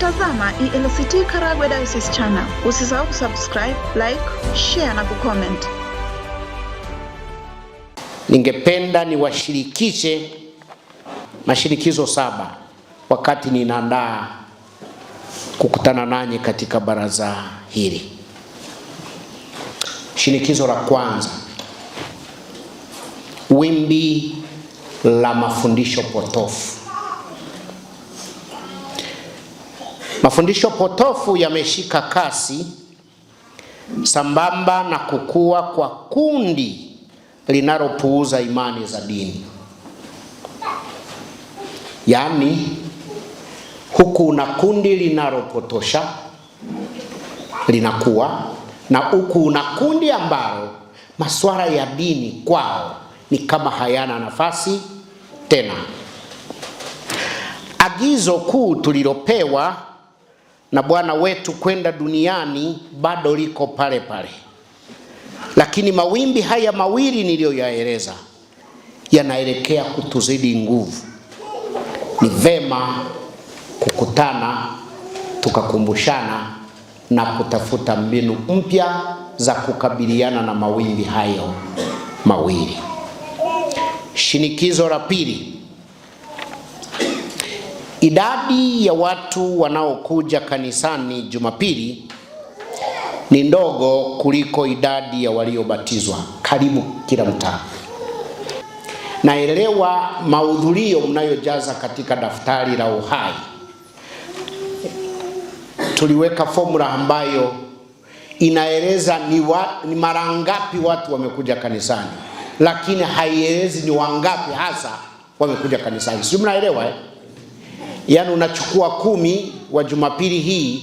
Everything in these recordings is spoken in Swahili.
Unatazama ELCT Karagwe Diocese Channel. Usisahau kusubscribe, like, share na kucomment. Ningependa niwashirikishe mashirikizo saba wakati ninaandaa kukutana nanyi katika baraza hili. Shinikizo la kwanza, wimbi la mafundisho potofu. Mafundisho potofu yameshika kasi sambamba na kukua kwa kundi linalopuuza imani za dini. Yaani, huku una kundi linalopotosha linakuwa na huku una kundi ambalo masuala ya dini kwao ni kama hayana nafasi tena. Agizo kuu tulilopewa na Bwana wetu kwenda duniani bado liko pale pale, lakini mawimbi haya mawili niliyoyaeleza yanaelekea kutuzidi nguvu. Ni vema kukutana tukakumbushana na kutafuta mbinu mpya za kukabiliana na mawimbi hayo mawili. Shinikizo la pili Idadi ya watu wanaokuja kanisani Jumapili ni ndogo kuliko idadi ya waliobatizwa karibu kila mtaa. Naelewa mahudhurio mnayojaza katika daftari la uhai. Tuliweka fomula ambayo inaeleza ni, wa, ni mara ngapi watu wamekuja kanisani, lakini haielezi ni wangapi hasa wamekuja kanisani. Sijui mnaelewa eh? yaani unachukua kumi wa Jumapili hii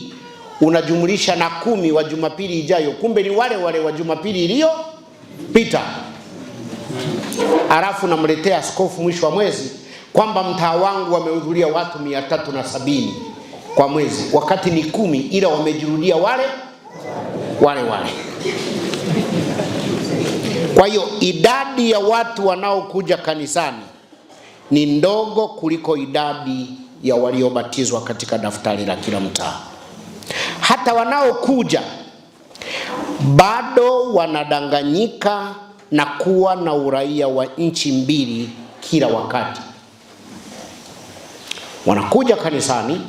unajumlisha na kumi wa Jumapili ijayo, kumbe ni wale wale wa Jumapili iliyopita, alafu namletea askofu mwisho wa mwezi kwamba mtaa wangu wamehudhuria watu mia tatu na sabini kwa mwezi, wakati ni kumi, ila wamejirudia wale wale wale. Kwa hiyo idadi ya watu wanaokuja kanisani ni ndogo kuliko idadi ya waliobatizwa katika daftari la kila mtaa. Hata wanaokuja bado wanadanganyika na kuwa na uraia wa nchi mbili kila wakati. Wanakuja kanisani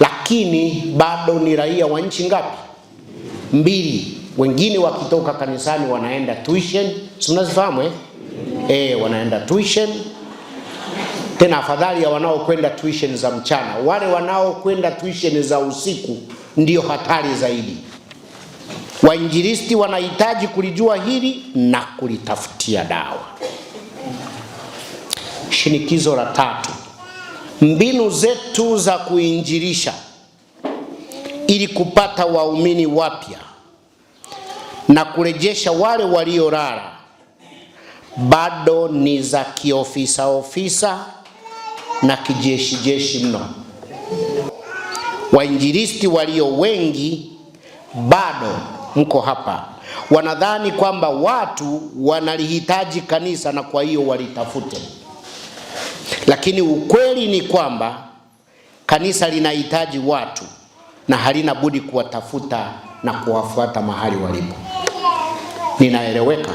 lakini bado ni raia wa nchi ngapi? Mbili. Wengine wakitoka kanisani wanaenda tuition, si eh? Eh, wanaenda tuition tena afadhali ya wanaokwenda tuition za mchana. Wale wanaokwenda tuition za usiku ndio hatari zaidi. Wainjilisti wanahitaji kulijua hili na kulitafutia dawa. Shinikizo la tatu, mbinu zetu za kuinjilisha ili kupata waumini wapya na kurejesha wale waliolala bado ni za kiofisa ofisa na kijeshi jeshi mno. Wainjilisti walio wengi bado mko hapa, wanadhani kwamba watu wanalihitaji kanisa na kwa hiyo walitafute, lakini ukweli ni kwamba kanisa linahitaji watu na halina budi kuwatafuta na kuwafuata mahali walipo. Ninaeleweka?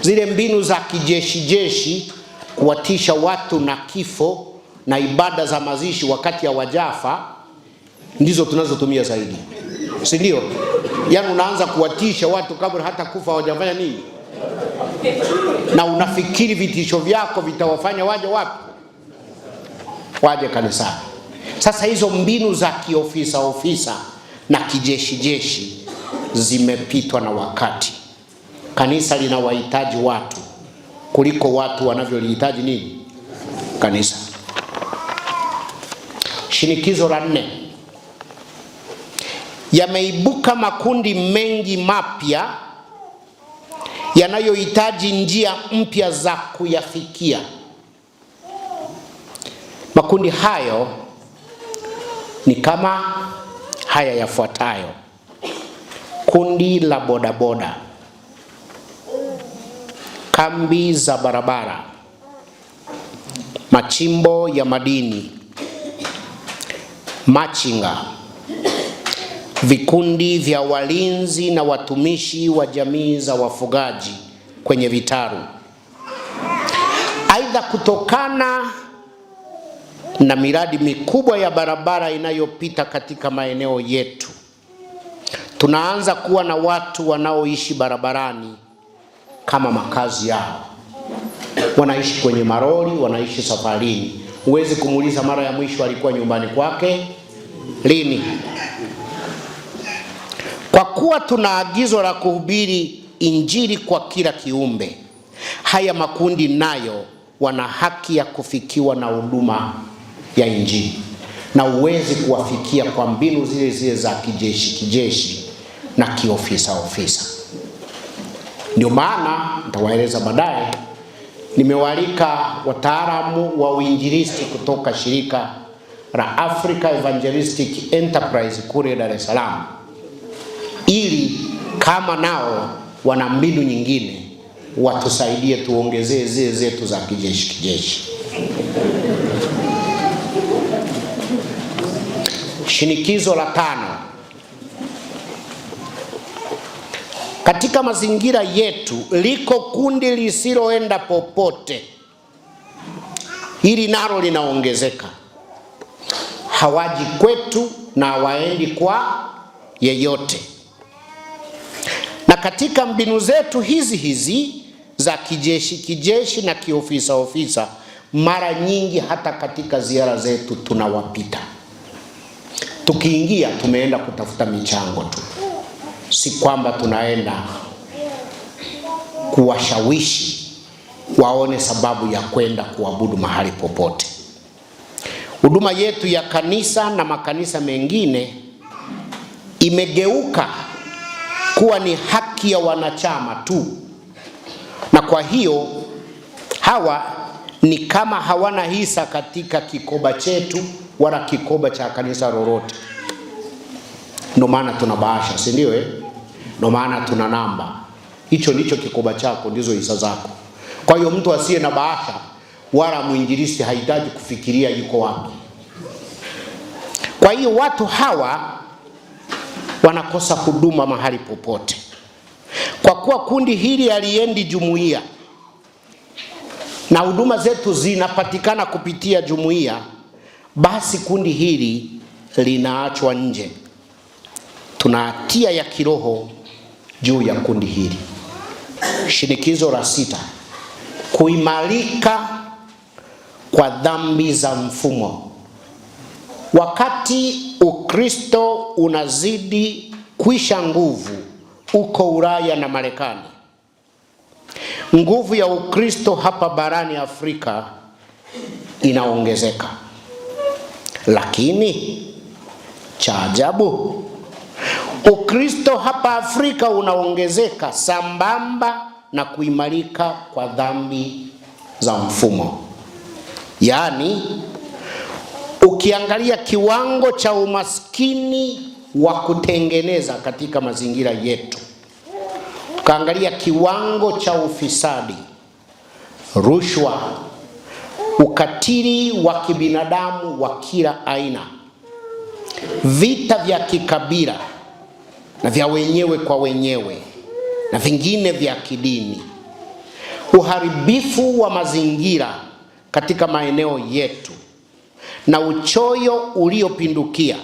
Zile mbinu za kijeshi jeshi kuwatisha watu na kifo na ibada za mazishi wakati ya wajafa ndizo tunazotumia zaidi, si ndio? Yaani unaanza kuwatisha watu kabla hata kufa hawajafanya nini, na unafikiri vitisho vyako vitawafanya waje wapi? Waje kanisani. Sasa hizo mbinu za kiofisa ofisa na kijeshi jeshi zimepitwa na wakati. Kanisa linawahitaji watu kuliko watu wanavyolihitaji nini kanisa. Shinikizo la nne, yameibuka makundi mengi mapya yanayohitaji njia mpya za kuyafikia. Makundi hayo ni kama haya yafuatayo: kundi la bodaboda kambi za barabara, machimbo ya madini, machinga, vikundi vya walinzi na watumishi wa jamii za wafugaji kwenye vitaru. Aidha, kutokana na miradi mikubwa ya barabara inayopita katika maeneo yetu, tunaanza kuwa na watu wanaoishi barabarani kama makazi yao, wanaishi kwenye maroli, wanaishi safarini. Huwezi kumuuliza mara ya mwisho alikuwa nyumbani kwake lini. Kwa kuwa tuna agizo la kuhubiri Injili kwa kila kiumbe, haya makundi nayo wana haki ya kufikiwa na huduma ya Injili, na huwezi kuwafikia kwa mbinu zile zile za kijeshi kijeshi na kiofisa ofisa. Ndio maana nitawaeleza baadaye, nimewalika wataalamu wa uinjilisti kutoka shirika la Africa Evangelistic Enterprise kule Dar es Salaam, ili kama nao wana mbinu nyingine watusaidie tuongezee zile zetu za kijeshi kijeshi. Shinikizo la tano Katika mazingira yetu liko kundi lisiloenda popote, hili nalo linaongezeka. Hawaji kwetu na hawaendi kwa yeyote. Na katika mbinu zetu hizi hizi za kijeshi kijeshi na kiofisa ofisa, mara nyingi hata katika ziara zetu tunawapita, tukiingia tumeenda kutafuta michango tu si kwamba tunaenda kuwashawishi waone sababu ya kwenda kuabudu mahali popote. Huduma yetu ya kanisa na makanisa mengine imegeuka kuwa ni haki ya wanachama tu, na kwa hiyo hawa ni kama hawana hisa katika kikoba chetu wala kikoba cha kanisa lolote. Ndio maana tuna bahasha, si ndio eh? ndo maana tuna namba. Hicho ndicho kikoba chako, ndizo hisa zako. Kwa hiyo mtu asiye na bahasha wala mwinjilisti hahitaji kufikiria yuko wapi. Kwa hiyo watu hawa wanakosa huduma mahali popote, kwa kuwa kundi hili haliendi jumuiya na huduma zetu zinapatikana kupitia jumuiya, basi kundi hili linaachwa nje. Tuna hatia ya kiroho juu ya kundi hili. Shinikizo la sita, kuimarika kwa dhambi za mfumo. Wakati Ukristo unazidi kuisha nguvu uko Ulaya na Marekani, nguvu ya Ukristo hapa barani Afrika inaongezeka, lakini cha ajabu Ukristo hapa Afrika unaongezeka sambamba na kuimarika kwa dhambi za mfumo. Yaani, ukiangalia kiwango cha umaskini wa kutengeneza katika mazingira yetu, ukaangalia kiwango cha ufisadi, rushwa, ukatili wa kibinadamu wa kila aina, vita vya kikabila na vya wenyewe kwa wenyewe na vingine vya kidini. Uharibifu wa mazingira katika maeneo yetu na uchoyo uliopindukia,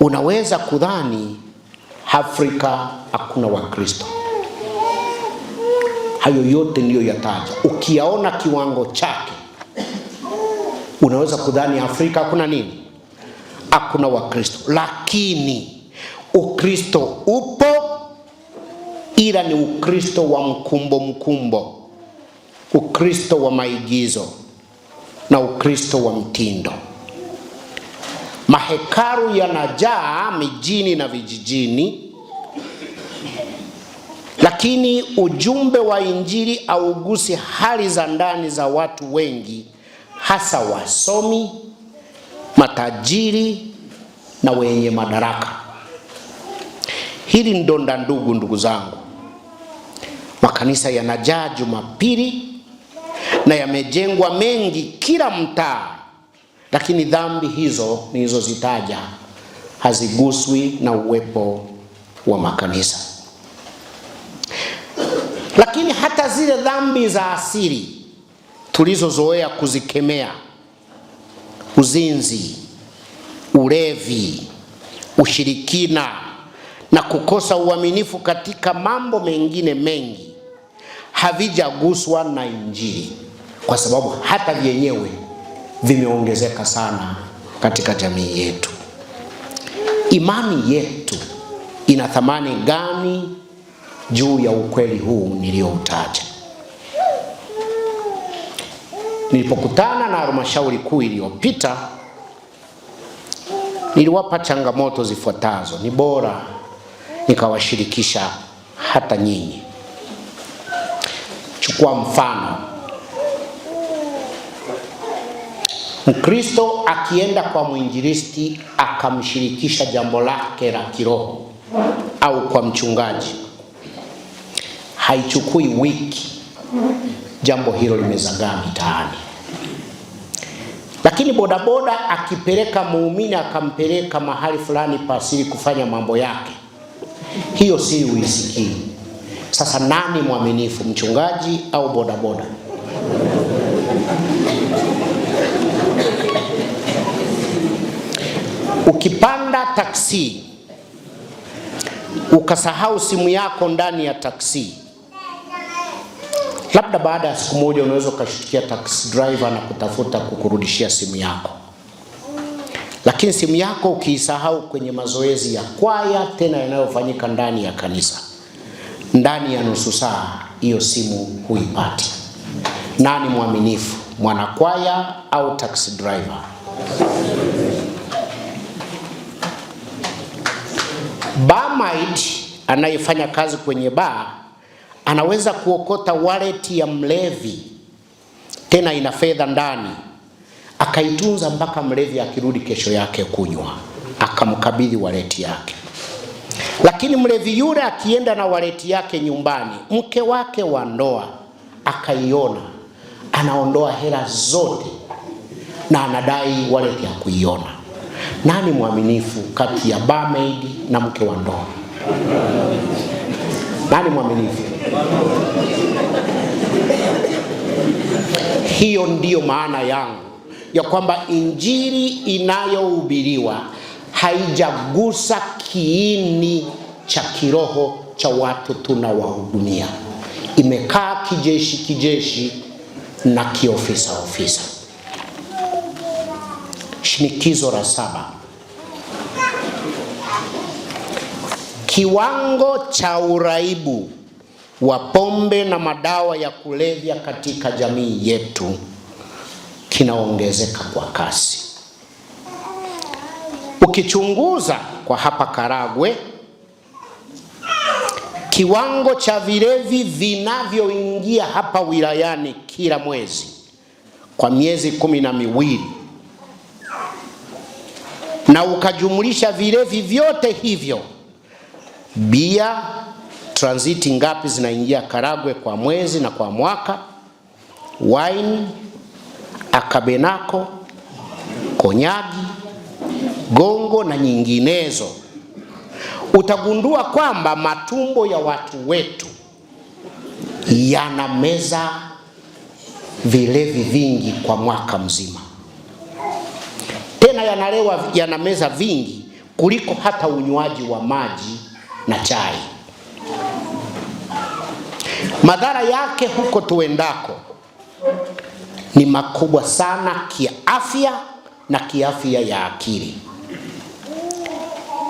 unaweza kudhani Afrika hakuna Wakristo. Hayo yote ndiyo yataja, ukiyaona kiwango chake unaweza kudhani Afrika hakuna nini, hakuna Wakristo, lakini Ukristo upo, ila ni Ukristo wa mkumbo mkumbo, Ukristo wa maigizo na Ukristo wa mtindo. Mahekalu yanajaa mijini na vijijini, lakini ujumbe wa Injili augusi hali za ndani za watu wengi, hasa wasomi, matajiri na wenye madaraka. Hili ni donda ndugu, ndugu zangu. Makanisa yanajaa Jumapili na yamejengwa mengi kila mtaa, lakini dhambi hizo nilizozitaja haziguswi na uwepo wa makanisa. Lakini hata zile dhambi za asili tulizozoea kuzikemea, uzinzi, ulevi, ushirikina na kukosa uaminifu katika mambo mengine mengi havijaguswa na Injili, kwa sababu hata vyenyewe vimeongezeka sana katika jamii yetu. Imani yetu ina thamani gani juu ya ukweli huu niliyoutaja? Nilipokutana na halmashauri kuu iliyopita, niliwapa changamoto zifuatazo. Ni bora nikawashirikisha hata nyinyi. Chukua mfano, Mkristo akienda kwa mwinjilisti akamshirikisha jambo lake la kiroho au kwa mchungaji, haichukui wiki, jambo hilo limezagaa mitaani. Lakini bodaboda akipeleka muumini akampeleka mahali fulani pasili kufanya mambo yake hiyo si uisikii. Sasa nani mwaminifu, mchungaji au bodaboda? Ukipanda taksi ukasahau simu yako ndani ya taksi, labda baada ya siku moja unaweza ukashtukia taksi driver na kutafuta kukurudishia simu yako. Lakini simu yako ukiisahau kwenye mazoezi ya kwaya, tena yanayofanyika ndani ya kanisa, ndani ya nusu saa hiyo simu huipati. Nani mwaminifu, mwanakwaya au taxi driver? Barmaid anayefanya kazi kwenye baa anaweza kuokota wallet ya mlevi, tena ina fedha ndani akaitunza mpaka mlevi akirudi kesho yake kunywa, akamkabidhi waleti yake. Lakini mlevi yule akienda na waleti yake nyumbani, mke wake wa ndoa akaiona, anaondoa hela zote na anadai waleti ya kuiona. Nani mwaminifu kati ya barmaid na mke wa ndoa? Nani mwaminifu? Hiyo ndiyo maana yangu ya kwamba injili inayohubiriwa haijagusa kiini cha kiroho cha watu tunawahudumia, imekaa kijeshi kijeshi na kiofisa ofisa. Shinikizo la saba, kiwango cha uraibu wa pombe na madawa ya kulevya katika jamii yetu kinaongezeka kwa kasi. Ukichunguza kwa hapa Karagwe, kiwango cha vilevi vinavyoingia hapa wilayani kila mwezi kwa miezi kumi na miwili na ukajumulisha vilevi vyote hivyo, bia transiti ngapi zinaingia Karagwe kwa mwezi na kwa mwaka? Wine akabenako, konyagi, gongo na nyinginezo, utagundua kwamba matumbo ya watu wetu yanameza vilevi vingi kwa mwaka mzima, tena yanalewa yanameza vingi kuliko hata unywaji wa maji na chai. Madhara yake huko tuendako ni makubwa sana kiafya na kiafya ya akili.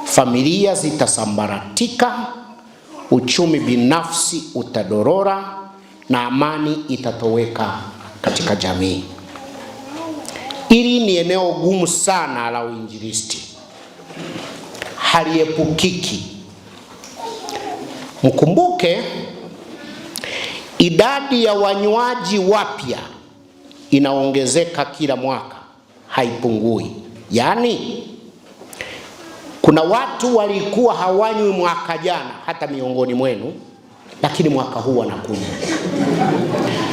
Familia zitasambaratika, uchumi binafsi utadorora na amani itatoweka katika jamii. Hili ni eneo gumu sana la uinjilisti, haliepukiki. Mkumbuke idadi ya wanywaji wapya inaongezeka kila mwaka, haipungui. Yaani kuna watu walikuwa hawanywi mwaka jana, hata miongoni mwenu, lakini mwaka huu wanakunywa.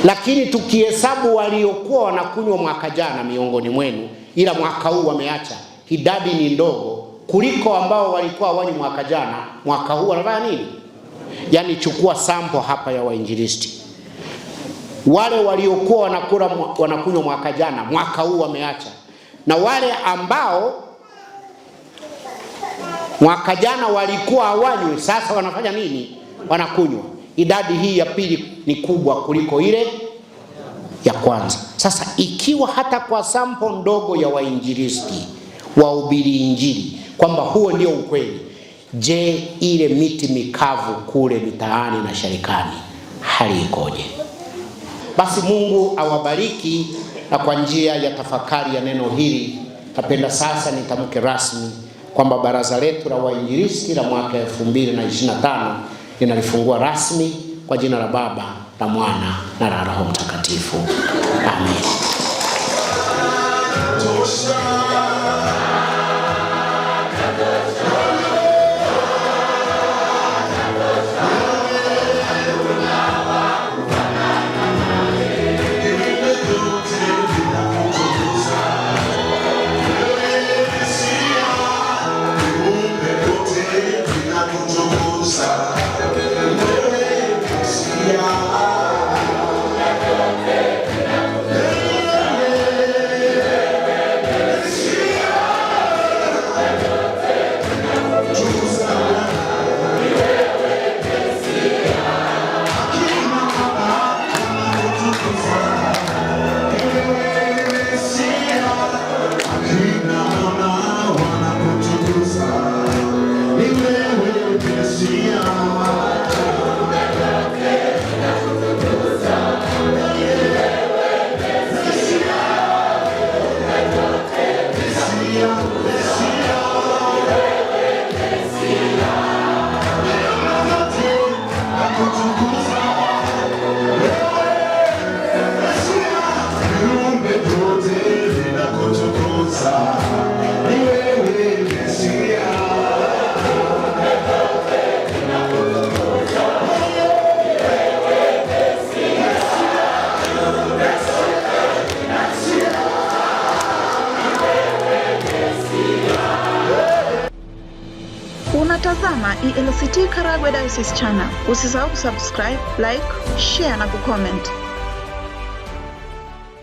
Lakini tukihesabu waliokuwa wanakunywa mwaka jana miongoni mwenu, ila mwaka huu wameacha, idadi ni ndogo kuliko ambao walikuwa hawanywi mwaka jana. Mwaka huu wanafanya nini? Yaani chukua sampo hapa ya wainjilisti wale waliokuwa wanakula wanakunywa mwaka jana, mwaka huu wameacha, na wale ambao mwaka jana walikuwa hawanywi, sasa wanafanya nini? Wanakunywa. Idadi hii ya pili ni kubwa kuliko ile ya kwanza. Sasa ikiwa hata kwa sampo ndogo ya wainjilisti wahubiri Injili kwamba huo ndio ukweli, je, ile miti mikavu kule mitaani na sharikani hali ikoje? Basi Mungu awabariki, na kwa njia ya tafakari ya neno hili napenda sasa nitamke rasmi kwamba baraza letu la wainjilisti la mwaka 2025 linalifungua rasmi kwa jina la Baba la Mwana na la Roho Mtakatifu. Amen. dada channel usisahau kusubscribe, like, share na kucomment.